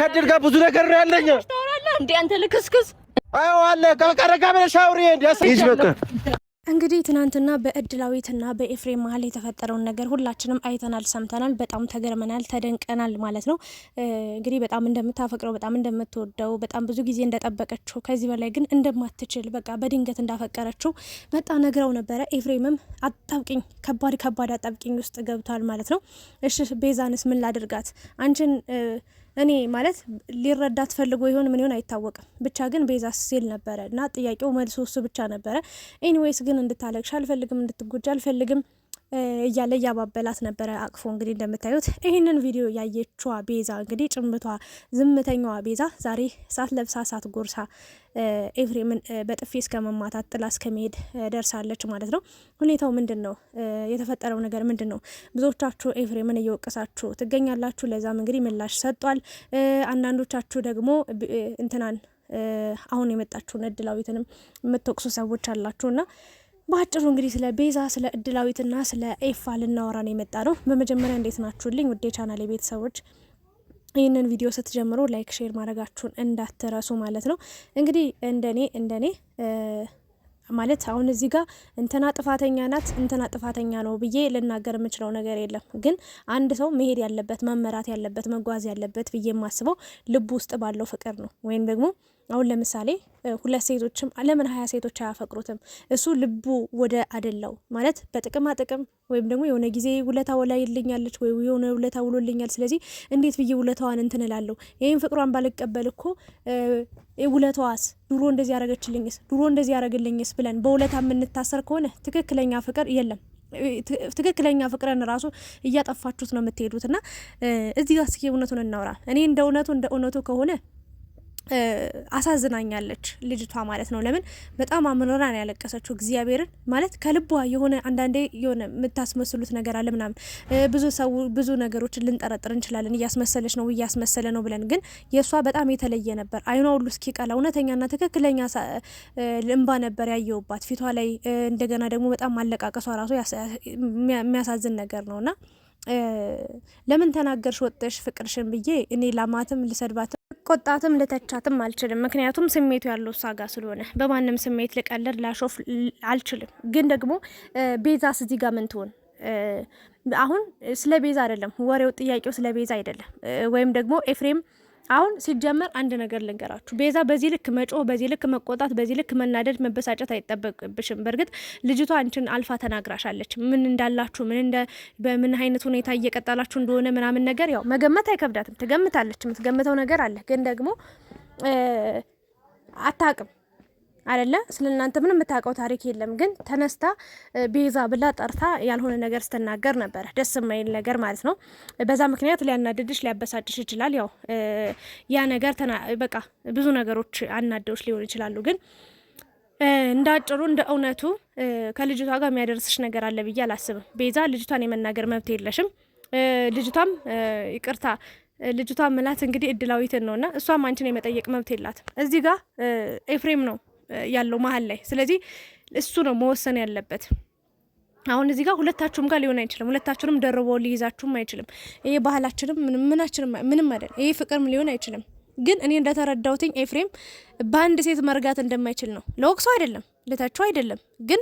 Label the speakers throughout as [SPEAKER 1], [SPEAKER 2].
[SPEAKER 1] ከድር ጋር ብዙ ነገር ነው ያለኝ። እንዴ አንተ አለ ከቀረጋ እንግዲህ ትናንትና በእድላዊትና በኤፍሬም መሀል የተፈጠረውን ነገር ሁላችንም አይተናል፣ ሰምተናል፣ በጣም ተገርመናል፣ ተደንቀናል ማለት ነው። እንግዲህ በጣም እንደምታፈቅረው በጣም እንደምትወደው በጣም ብዙ ጊዜ እንደጠበቀችው ከዚህ በላይ ግን እንደማትችል በቃ በድንገት እንዳፈቀረችው መጣ ነግረው ነበረ። ኤፍሬምም አጣብቂኝ ከባድ ከባድ አጣብቂኝ ውስጥ ገብቷል ማለት ነው። እሺ ቤዛንስ ምን ላድርጋት አንቺን እኔ ማለት ሊረዳት ፈልጎ ይሆን ምን ይሆን አይታወቅም። ብቻ ግን ቤዛ ሲል ነበረ እና ጥያቄው መልሶ እሱ ብቻ ነበረ። ኤኒዌይስ ግን እንድታለቅሽ አልፈልግም፣ እንድትጎጃ አልፈልግም። እያለ እያባበላት ነበረ አቅፎ። እንግዲህ እንደምታዩት ይህንን ቪዲዮ ያየችዋ ቤዛ እንግዲህ ጭምቷ ዝምተኛዋ ቤዛ ዛሬ ሳት ለብሳ ሳት ጎርሳ ኤፍሬምን በጥፊ እስከ መማታት ጥላ እስከ መሄድ ደርሳለች ማለት ነው። ሁኔታው ምንድን ነው? የተፈጠረው ነገር ምንድን ነው? ብዙዎቻችሁ ኤፍሬምን እየወቀሳችሁ ትገኛላችሁ። ለዛም እንግዲህ ምላሽ ሰጧል። አንዳንዶቻችሁ ደግሞ እንትናን አሁን የመጣችሁን እድላዊትንም የምትወቅሱ ሰዎች እና በአጭሩ እንግዲህ ስለ ቤዛ ስለ እድላዊትና ስለ ኤፋ ልናወራን የመጣ ነው። በመጀመሪያ እንዴት ናችሁልኝ ውዴ ቻናል የቤተሰቦች ይህንን ቪዲዮ ስትጀምሩ ላይክ ሼር ማድረጋችሁን እንዳትረሱ ማለት ነው። እንግዲህ እንደኔ እንደኔ ማለት አሁን እዚህ ጋር እንትና ጥፋተኛ ናት እንትና ጥፋተኛ ነው ብዬ ልናገር የምችለው ነገር የለም። ግን አንድ ሰው መሄድ ያለበት መመራት ያለበት መጓዝ ያለበት ብዬ የማስበው ልቡ ውስጥ ባለው ፍቅር ነው ወይም ደግሞ አሁን ለምሳሌ ሁለት ሴቶችም ለምን ሀያ ሴቶች አያፈቅሩትም? እሱ ልቡ ወደ አደላው ማለት በጥቅማ ጥቅም ወይም ደግሞ የሆነ ጊዜ ውለታ ወላ ይልኛለች ወይ የሆነ ውለታ ውሎልኛል፣ ስለዚህ እንዴት ብዬ ውለታዋን እንትንላለሁ ይህም ፍቅሯን ባልቀበል እኮ ውለቷስ ድሮ እንደዚህ ያደረገችልኝስ ድሮ እንደዚህ ያደረግልኝስ ብለን በውለታ የምንታሰር ከሆነ ትክክለኛ ፍቅር የለም። ትክክለኛ ፍቅርን ራሱ እያጠፋችሁት ነው የምትሄዱትና እዚህ ጋር እስኪ እውነቱን እናውራ። እኔ እንደ እውነቱ እንደ እውነቱ ከሆነ አሳዝናኛለች ልጅቷ ማለት ነው። ለምን በጣም አምሮራ ነው ያለቀሰችው። እግዚአብሔርን ማለት ከልቧ የሆነ አንዳንዴ የሆነ የምታስመስሉት ነገር አለ ምናምን። ብዙ ሰው ብዙ ነገሮችን ልንጠረጥር እንችላለን። እያስመሰለች ነው እያስመሰለ ነው ብለን፣ ግን የእሷ በጣም የተለየ ነበር። አይኗ ሁሉ እስኪቀላ እውነተኛና ትክክለኛ እንባ ነበር ያየውባት ፊቷ ላይ። እንደገና ደግሞ በጣም ማለቃቀሷ ራሱ የሚያሳዝን ነገር ነውና ለምን ተናገርሽ ወጥሽ ፍቅርሽን ብዬ እኔ ላማትም ልሰድባትም? ልቆጣትም ልተቻትም አልችልም። ምክንያቱም ስሜቱ ያለው እሷ ጋር ስለሆነ በማንም ስሜት ልቀልድ ላሾፍ አልችልም። ግን ደግሞ ቤዛስ ስዚህ ጋር ምን ትሆን? አሁን ስለ ቤዛ አይደለም ወሬው፣ ጥያቄው ስለ ቤዛ አይደለም። ወይም ደግሞ ኤፍሬም አሁን ሲጀመር አንድ ነገር ልንገራችሁ። ቤዛ በዚህ ልክ መጮ በዚህ ልክ መቆጣት፣ በዚህ ልክ መናደድ፣ መበሳጨት አይጠበቅብሽም። በእርግጥ ልጅቷ አንቺን አልፋ ተናግራሻለች። ምን እንዳላችሁ፣ ምን እንደ በምን አይነት ሁኔታ እየቀጠላችሁ እንደሆነ ምናምን ነገር ያው መገመት አይከብዳትም። ትገምታለች። የምትገምተው ነገር አለ ግን ደግሞ አታቅም አይደለ? ስለ እናንተ ምንም የምታውቀው ታሪክ የለም። ግን ተነስታ ቤዛ ብላ ጠርታ ያልሆነ ነገር ስትናገር ነበረ። ደስ የማይል ነገር ማለት ነው። በዛ ምክንያት ሊያናድድሽ፣ ሊያበሳጭሽ ይችላል። ያው ያ ነገር በቃ ብዙ ነገሮች አናደውች ሊሆን ይችላሉ ግን እንዳጭሩ እንደ እውነቱ ከልጅቷ ጋር የሚያደርስሽ ነገር አለ ብዬ አላስብም። ቤዛ ልጅቷን የመናገር መብት የለሽም። ልጅቷም ይቅርታ ልጅቷ ምላት እንግዲህ እድላዊትን ነውና እሷም አንቺን የመጠየቅ መብት የላትም። እዚህ ጋር ኤፍሬም ነው ያለው መሀል ላይ። ስለዚህ እሱ ነው መወሰን ያለበት። አሁን እዚህ ጋር ሁለታችሁም ጋር ሊሆን አይችልም። ሁለታችሁንም ደርቦ ሊይዛችሁም አይችልም። ይሄ ባህላችንም ምናችንም ምንም አይደል። ይሄ ፍቅርም ሊሆን አይችልም። ግን እኔ እንደተረዳውትኝ ኤፍሬም በአንድ ሴት መርጋት እንደማይችል ነው። ለወቅሶ አይደለም ለታችሁ አይደለም፣ ግን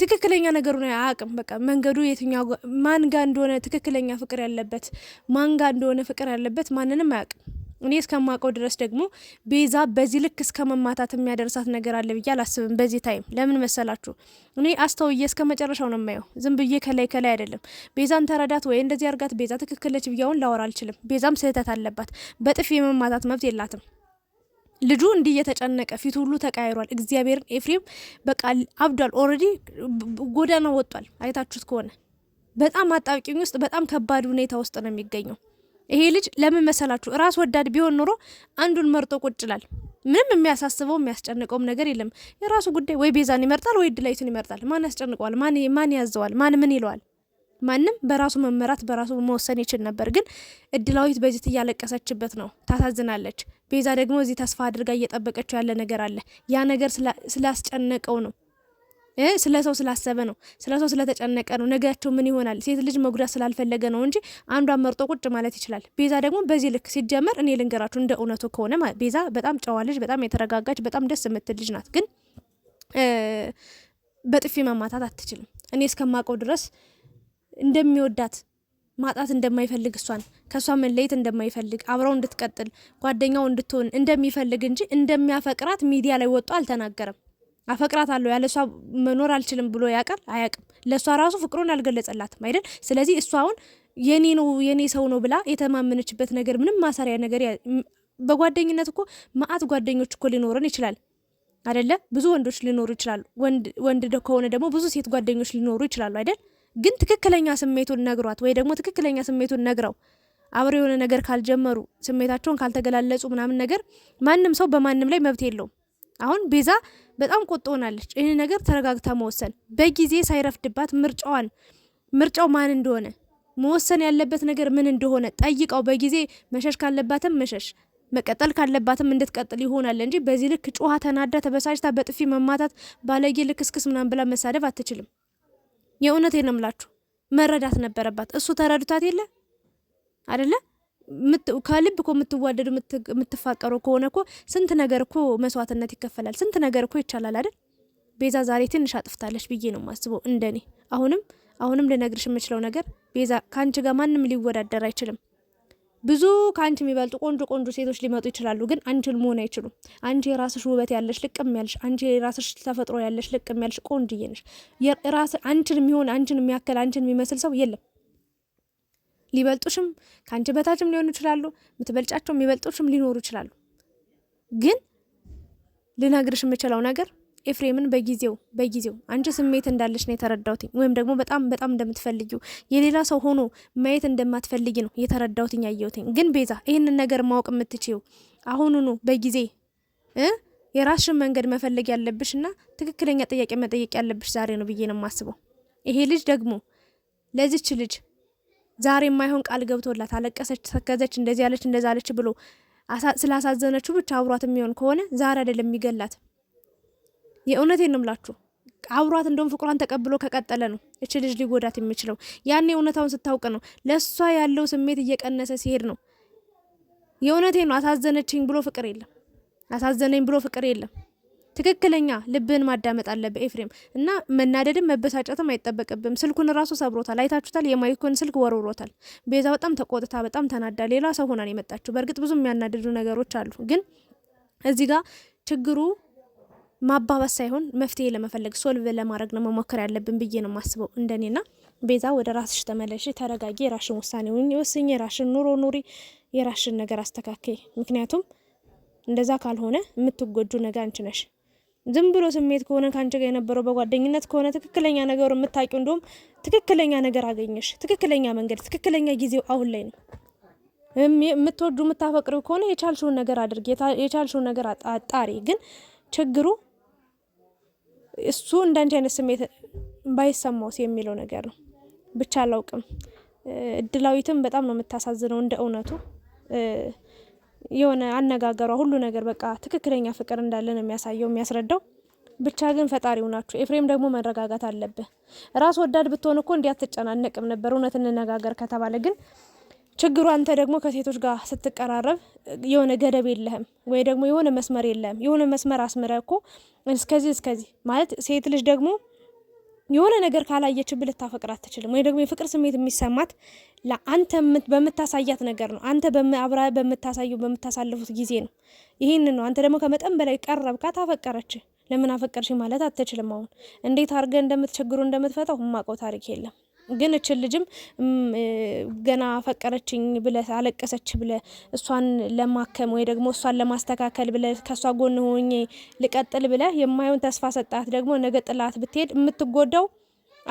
[SPEAKER 1] ትክክለኛ ነገሩን አያውቅም። በቃ መንገዱ የትኛው ማን ጋ እንደሆነ ትክክለኛ ፍቅር ያለበት ማን ጋ እንደሆነ ፍቅር ያለበት ማንንም አያውቅም። እኔ እስከማውቀው ድረስ ደግሞ ቤዛ በዚህ ልክ እስከ መማታት የሚያደርሳት ነገር አለ ብዬ አላስብም። በዚህ ታይም ለምን መሰላችሁ? እኔ አስተውዬ እስከ መጨረሻው ነው የማየው። ዝም ብዬ ከላይ ከላይ አይደለም። ቤዛን ተረዳት ወይ እንደዚህ አርጋት፣ ቤዛ ትክክለች ብያውን ላወራ አልችልም። ቤዛም ስህተት አለባት። በጥፊ የመማታት መብት የላትም። ልጁ እንዲህ እየተጨነቀ ፊቱ ሁሉ ተቀያይሯል። እግዚአብሔርን ኤፍሬም በቃ አብዷል። ኦልሬዲ ጎዳና ወጧል። አይታችሁት ከሆነ በጣም አጣብቂኝ ውስጥ፣ በጣም ከባድ ሁኔታ ውስጥ ነው የሚገኘው። ይሄ ልጅ ለምን መሰላችሁ? ራስ ወዳድ ቢሆን ኖሮ አንዱን መርጦ ቁጭ ይላል። ምንም የሚያሳስበው የሚያስጨንቀውም ነገር የለም። የራሱ ጉዳይ። ወይ ቤዛን ይመርጣል፣ ወይ ድላይቱን ይመርጣል። ማን ያስጨንቀዋል? ማን ማን ያዘዋል? ማን ምን ይለዋል? ማንም በራሱ መመራት በራሱ መወሰን ይችል ነበር። ግን እድላዊት በዚህ እያለቀሰችበት ነው፣ ታሳዝናለች። ቤዛ ደግሞ እዚህ ተስፋ አድርጋ እየጠበቀችው ያለ ነገር አለ። ያ ነገር ስላስጨነቀው ነው ስለ ሰው ስላሰበ ነው። ስለ ሰው ስለተጨነቀ ነው። ነገያቸው ምን ይሆናል? ሴት ልጅ መጉዳት ስላልፈለገ ነው እንጂ አንዷን መርጦ ቁጭ ማለት ይችላል። ቤዛ ደግሞ በዚህ ልክ ሲጀመር፣ እኔ ልንገራችሁ እንደ እውነቱ ከሆነ ቤዛ በጣም ጨዋ ልጅ፣ በጣም የተረጋጋች፣ በጣም ደስ የምትል ልጅ ናት። ግን በጥፊ መማታት አትችልም። እኔ እስከማውቀው ድረስ እንደሚወዳት ማጣት እንደማይፈልግ እሷን ከእሷ መለየት እንደማይፈልግ አብረው እንድትቀጥል ጓደኛው እንድትሆን እንደሚፈልግ እንጂ እንደሚያፈቅራት ሚዲያ ላይ ወጥቶ አልተናገረም። አፈቅራታለሁ ያለ እሷ መኖር አልችልም ብሎ ያውቃል አያውቅም? ለእሷ ራሱ ፍቅሩን አልገለጸላትም አይደል? ስለዚህ እሷ አሁን የኔ ነው የኔ ሰው ነው ብላ የተማመነችበት ነገር ምንም ማሰሪያ ነገር በጓደኝነት እኮ ማአት ጓደኞች እኮ ሊኖረን ይችላል አይደለ? ብዙ ወንዶች ሊኖሩ ይችላሉ። ወንድ ከሆነ ደግሞ ብዙ ሴት ጓደኞች ሊኖሩ ይችላሉ አይደል? ግን ትክክለኛ ስሜቱን ነግሯት ወይ ደግሞ ትክክለኛ ስሜቱን ነግረው አብረው የሆነ ነገር ካልጀመሩ ስሜታቸውን ካልተገላለጹ ምናምን ነገር ማንም ሰው በማንም ላይ መብት የለውም። አሁን ቤዛ በጣም ቆጥ ሆናለች። ይህ ነገር ተረጋግታ መወሰን በጊዜ ሳይረፍድባት ምርጫዋን ምርጫው ማን እንደሆነ መወሰን ያለበት ነገር ምን እንደሆነ ጠይቀው በጊዜ መሸሽ ካለባትም መሸሽ መቀጠል ካለባትም እንድትቀጥል ይሆናል እንጂ በዚህ ልክ ጩኋ ተናዳ፣ ተበሳጭታ በጥፊ መማታት፣ ባለጌ ልክስክስ ምናምን ብላ መሳደብ አትችልም። የእውነቴን ነው መረዳት ነበረባት። እሱ ተረድቷት የለ አደለም? ከልብ እኮ የምትዋደዱ የምትፋቀሩ ከሆነ እኮ ስንት ነገር እኮ መስዋዕትነት ይከፈላል። ስንት ነገር እኮ ይቻላል አይደል? ቤዛ ዛሬ ትንሽ አጥፍታለች ብዬ ነው የማስበው። እንደኔ አሁንም አሁንም ልነግርሽ የምችለው ነገር ቤዛ ከአንቺ ጋር ማንም ሊወዳደር አይችልም። ብዙ ከአንቺ የሚበልጡ ቆንጆ ቆንጆ ሴቶች ሊመጡ ይችላሉ፣ ግን አንቺን መሆን አይችሉም። አንቺ የራስሽ ውበት ያለሽ ልቅም ያለሽ፣ አንቺ የራስሽ ተፈጥሮ ያለሽ ልቅም ያለሽ ቆንጆዬ ነሽ። አንቺን የሚሆን አንቺን የሚያክል አንቺን የሚመስል ሰው የለም። ሊበልጡሽም ከአንቺ በታችም ሊሆኑ ይችላሉ። የምትበልጫቸው የሚበልጡሽም ሊኖሩ ይችላሉ። ግን ልነግርሽ የምችለው ነገር ኤፍሬምን በጊዜው በጊዜው አንቺ ስሜት እንዳለሽ ነው የተረዳውትኝ ወይም ደግሞ በጣም በጣም እንደምትፈልጊው የሌላ ሰው ሆኖ ማየት እንደማትፈልጊ ነው የተረዳውት ያየውትኝ። ግን ቤዛ ይህንን ነገር ማወቅ የምትችው አሁኑኑ በጊዜ የራስሽን መንገድ መፈለግ ያለብሽና ትክክለኛ ጥያቄ መጠየቅ ያለብሽ ዛሬ ነው ብዬ ነው የማስበው። ይሄ ልጅ ደግሞ ለዚች ልጅ ዛሬ የማይሆን ቃል ገብቶላት አለቀሰች፣ ተከዘች፣ እንደዚህ ያለች እንደዛ ያለች ብሎ ስላሳዘነችው ብቻ አብሯት የሚሆን ከሆነ ዛሬ አይደለም የሚገላት። የእውነቴን ነው የምላችሁ። አብሯት እንደውም ፍቅሯን ተቀብሎ ከቀጠለ ነው እች ልጅ ሊጎዳት የሚችለው። ያኔ እውነታውን ስታውቅ ነው። ለእሷ ያለው ስሜት እየቀነሰ ሲሄድ ነው። የእውነቴ ነው። አሳዘነችኝ ብሎ ፍቅር የለም። አሳዘነኝ ብሎ ፍቅር የለም። ትክክለኛ ልብህን ማዳመጥ አለብህ ኤፍሬም። እና መናደድም መበሳጨትም አይጠበቅብም። ስልኩን ራሱ ሰብሮታል፣ አይታችሁታል። የማይኮን ስልክ ወርውሮታል። ቤዛ በጣም ተቆጥታ፣ በጣም ተናዳ፣ ሌላ ሰው ሆናን የመጣችሁ። በእርግጥ ብዙ የሚያናደዱ ነገሮች አሉ፣ ግን እዚህ ጋር ችግሩ ማባባስ ሳይሆን መፍትሄ ለመፈለግ ሶልቭ ለማድረግ ነው መሞከር ያለብን ብዬ ነው የማስበው እንደኔና ቤዛ ወደ ራስሽ ተመለሽ፣ ተረጋጊ፣ የራሽን ውሳኔ ወስኝ፣ የራሽን ኑሮ ኑሪ፣ የራሽን ነገር አስተካከይ። ምክንያቱም እንደዛ ካልሆነ የምትጎጁ ነገር አንቺ ነሽ። ዝም ብሎ ስሜት ከሆነ ከአንቺ ጋር የነበረው በጓደኝነት ከሆነ ትክክለኛ ነገሩ የምታውቂው እንዲሁም ትክክለኛ ነገር አገኘሽ፣ ትክክለኛ መንገድ፣ ትክክለኛ ጊዜው አሁን ላይ ነው። የምትወዱ የምታፈቅሪው ከሆነ የቻልሽውን ነገር አድርግ የቻልሽውን ነገር አጣሪ። ግን ችግሩ እሱ እንዳንቺ አይነት ስሜት ባይሰማውስ የሚለው ነገር ነው። ብቻ አላውቅም። እድላዊትም በጣም ነው የምታሳዝነው እንደ እውነቱ የሆነ አነጋገሯ ሁሉ ነገር በቃ ትክክለኛ ፍቅር እንዳለ ነው የሚያሳየው የሚያስረዳው። ብቻ ግን ፈጣሪው ናችሁ። ኤፍሬም ደግሞ መረጋጋት አለብህ። ራስ ወዳድ ብትሆን እኮ እንዲህ አትጨናነቅም ነበር። እውነት እንነጋገር ከተባለ ግን ችግሩ አንተ ደግሞ ከሴቶች ጋር ስትቀራረብ የሆነ ገደብ የለህም፣ ወይ ደግሞ የሆነ መስመር የለህም። የሆነ መስመር አስምረ እኮ እስከዚህ እስከዚህ ማለት ሴት ልጅ ደግሞ የሆነ ነገር ካላየችብ ልታፈቅር አትችልም። ወይ ደግሞ የፍቅር ስሜት የሚሰማት ለአንተ በምታሳያት ነገር ነው። አንተ አብራ በምታሳየው በምታሳልፉት ጊዜ ነው። ይህን ነው። አንተ ደግሞ ከመጠን በላይ ቀረብካ ታፈቀረች ለምን አፈቀርሽ ማለት አትችልም። አሁን እንዴት አድርገህ እንደምትቸግሩ እንደምትፈታው የማውቀው ታሪክ የለም። ግን እችን ልጅም ገና አፈቀረችኝ ብለ አለቀሰች ብለ እሷን ለማከም ወይ ደግሞ እሷን ለማስተካከል ብለ ከእሷ ጎን ሆኜ ልቀጥል ብለ የማየውን ተስፋ ሰጣት ደግሞ ነገ ጥላት ብትሄድ የምትጎዳው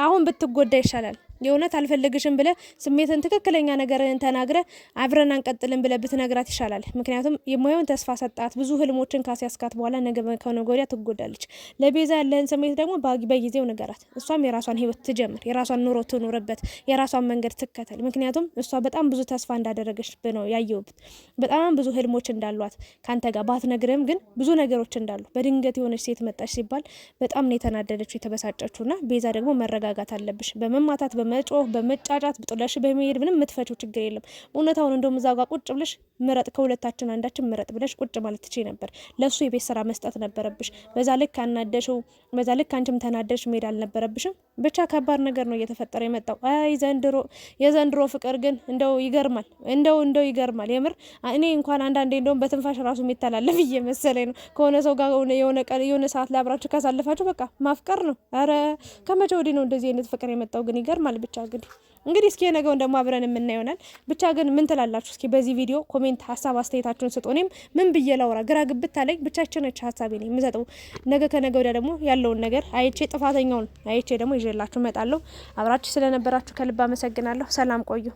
[SPEAKER 1] አሁን ብትጎዳ ይሻላል። የእውነት አልፈለግሽም ብለ ስሜትን ትክክለኛ ነገርን ተናግረ አብረን አንቀጥልም ብለ ብትነግራት ይሻላል። ምክንያቱም የሙያውን ተስፋ ሰጣት፣ ብዙ ህልሞችን ካስያስካት በኋላ ነገ ከነገ ወዲያ ትጎዳለች። ለቤዛ ያለህን ስሜት ደግሞ በጊዜው ነገራት። እሷም የራሷን ህይወት ትጀምር፣ የራሷን ኑሮ ትኑርበት፣ የራሷን መንገድ ትከተል። ምክንያቱም እሷ በጣም ብዙ ተስፋ እንዳደረገች ነው ያየውበት። በጣም ብዙ ህልሞች እንዳሏት ከአንተ ጋር ባትነግርህም ግን ብዙ ነገሮች እንዳሉ በድንገት የሆነች ሴት መጣች ሲባል በጣም ነው የተናደደችው የተበሳጨችውና ቤዛ ደግሞ መረጋጋት አለብሽ በመማታት በመጮህ በመጫጫት ብጥለሽ በመሄድ ምንም የምትፈችው ችግር የለም። እውነታውን እንደውም እዛ ጋር ቁጭ ብለሽ ምረጥ፣ ከሁለታችን አንዳችን ምረጥ ብለሽ ቁጭ ማለት ትቼ ነበር። ለሱ የቤት ስራ መስጠት ነበረብሽ። በዛ ልክ አናደሽው፣ በዛ ልክ አንቺም ተናደሽ መሄድ አልነበረብሽም። ብቻ ከባድ ነገር ነው እየተፈጠረ የመጣው። አይ ዘንድሮ የዘንድሮ ፍቅር ግን እንደው ይገርማል፣ እንደው እንደው ይገርማል። የምር እኔ እንኳን አንዳንዴ እንደውም በትንፋሽ ራሱ የሚተላለፍ እየመሰለኝ ነው። ከሆነ ሰው ጋር የሆነ ቀን የሆነ ሰዓት ላይ አብራችሁ ካሳለፋችሁ በቃ ማፍቀር ነው። አረ ከመቼ ወዲህ ነው እንደዚህ አይነት ፍቅር የመጣው? ግን ይገርማል። ብቻ ግን እንግዲህ እስኪ የነገውን ደግሞ አብረን የምናየው ይሆናል። ብቻ ግን ምን ትላላችሁ? እስኪ በዚህ ቪዲዮ ኮሜንት፣ ሀሳብ አስተያየታችሁን ስጡ። እኔም ምን ብዬ ላውራ ግራ ግብት አለኝ። ብቻችን ነች ሀሳቤ ነው የምሰጠው። ነገ ከነገ ወዲያ ደግሞ ያለውን ነገር አይቼ ጥፋተኛውን አይቼ ደግሞ ይዤላችሁ እመጣለሁ። አብራችሁ ስለነበራችሁ ከልብ አመሰግናለሁ። ሰላም ቆዩ።